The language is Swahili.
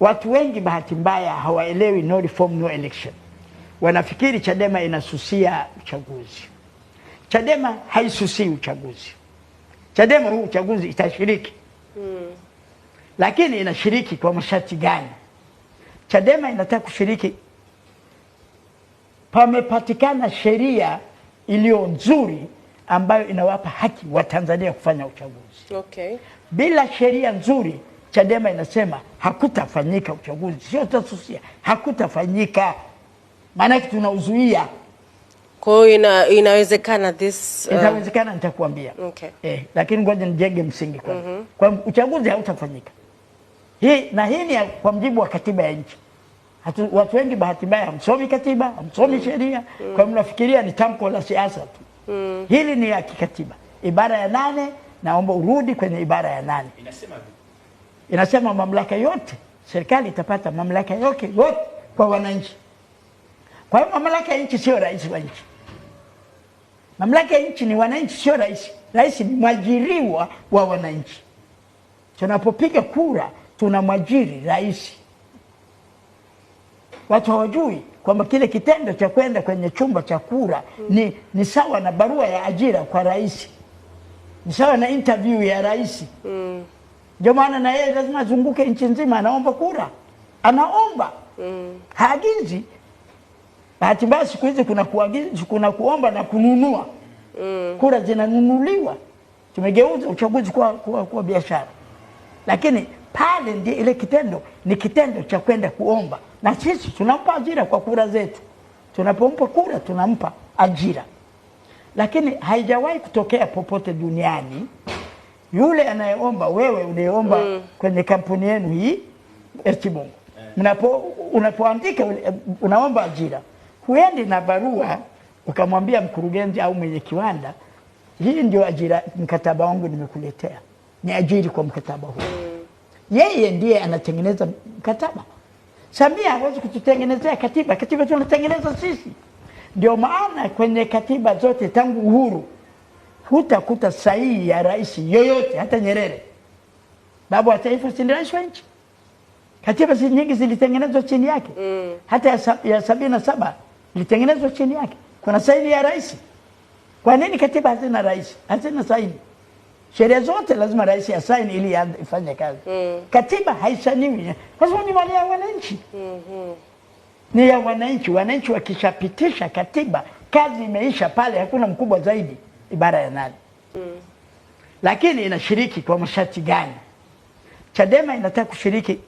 Watu wengi bahati mbaya hawaelewi no reform no election, wanafikiri Chadema inasusia uchaguzi. Chadema haisusii uchaguzi. Chadema huu uchaguzi itashiriki mm. Lakini inashiriki kwa masharti gani? Chadema inataka kushiriki, pamepatikana sheria iliyo nzuri ambayo inawapa haki wa tanzania kufanya uchaguzi okay. Bila sheria nzuri Chadema inasema hakutafanyika uchaguzi, sio tasusia, hakutafanyika. Maanake tunauzuia. Kwa hiyo ina, inawezekana this uh... Um, inawezekana, nitakuambia okay. Eh, lakini ngoja nijenge msingi kwa, mm -hmm. Kwa uchaguzi hautafanyika hii, na hii ni kwa mjibu wa katiba ya nchi. Watu wengi bahati mbaya hamsomi katiba, hamsomi mm. sheria mm. Kwa mnafikiria ni tamko la siasa tu mm. Hili ni ya kikatiba, ibara ya nane. Naomba urudi kwenye ibara ya nane inasema inasema mamlaka yote, serikali itapata mamlaka yote yote kwa wananchi. Kwa hiyo mamlaka ya nchi sio rais wa nchi, mamlaka ya nchi ni wananchi, sio rais. Rais ni mwajiriwa wa wananchi. Tunapopiga kura, tuna mwajiri rais. Watu hawajui kwamba kile kitendo cha kwenda kwenye chumba cha kura ni, ni sawa na barua ya ajira kwa rais, ni sawa na interview ya rais mm. Ndio maana na yeye lazima azunguke nchi nzima, anaomba kura, anaomba mm. haagizi. Bahati mbaya siku hizi kuna kuagiza, kuna kuomba na kununua mm. kura zinanunuliwa. Tumegeuza uchaguzi kwa kwa, kwa biashara, lakini pale ndio ile kitendo ni kitendo cha kwenda kuomba, na sisi tunampa ajira kwa kura zetu. Tunapompa kura tunampa ajira, lakini haijawahi kutokea popote duniani yule anayeomba wewe unayeomba mm. kwenye kampuni yenu hii RT eh, mnapo unapoandika unaomba ajira, huendi na barua ukamwambia mkurugenzi au mwenye kiwanda, hii ndio ajira, mkataba wangu nimekuletea, ni ajiri kwa mkataba huu mm. yeye ndiye anatengeneza mkataba. Samia hawezi kututengenezea katiba, katiba tunatengeneza sisi. Ndio maana kwenye katiba zote tangu uhuru hutakuta sahihi ya rais yoyote, hata Nyerere baba wa taifa, si ni rais wa nchi. Katiba si nyingi zilitengenezwa chini yake mm. hata ya sabini na saba ilitengenezwa chini yake, kuna saini ya rais. Kwa nini katiba hazina rais, hazina saini? Sheria zote lazima rais ya asaini ili ifanye kazi mm. Katiba haisaniwi kwa sababu ni mali ya wananchi mm -hmm. ni ya wananchi. Wananchi wakishapitisha katiba, kazi imeisha pale, hakuna mkubwa zaidi ibara ya nane mm. Lakini inashiriki kwa masharti gani? Chadema inataka kushiriki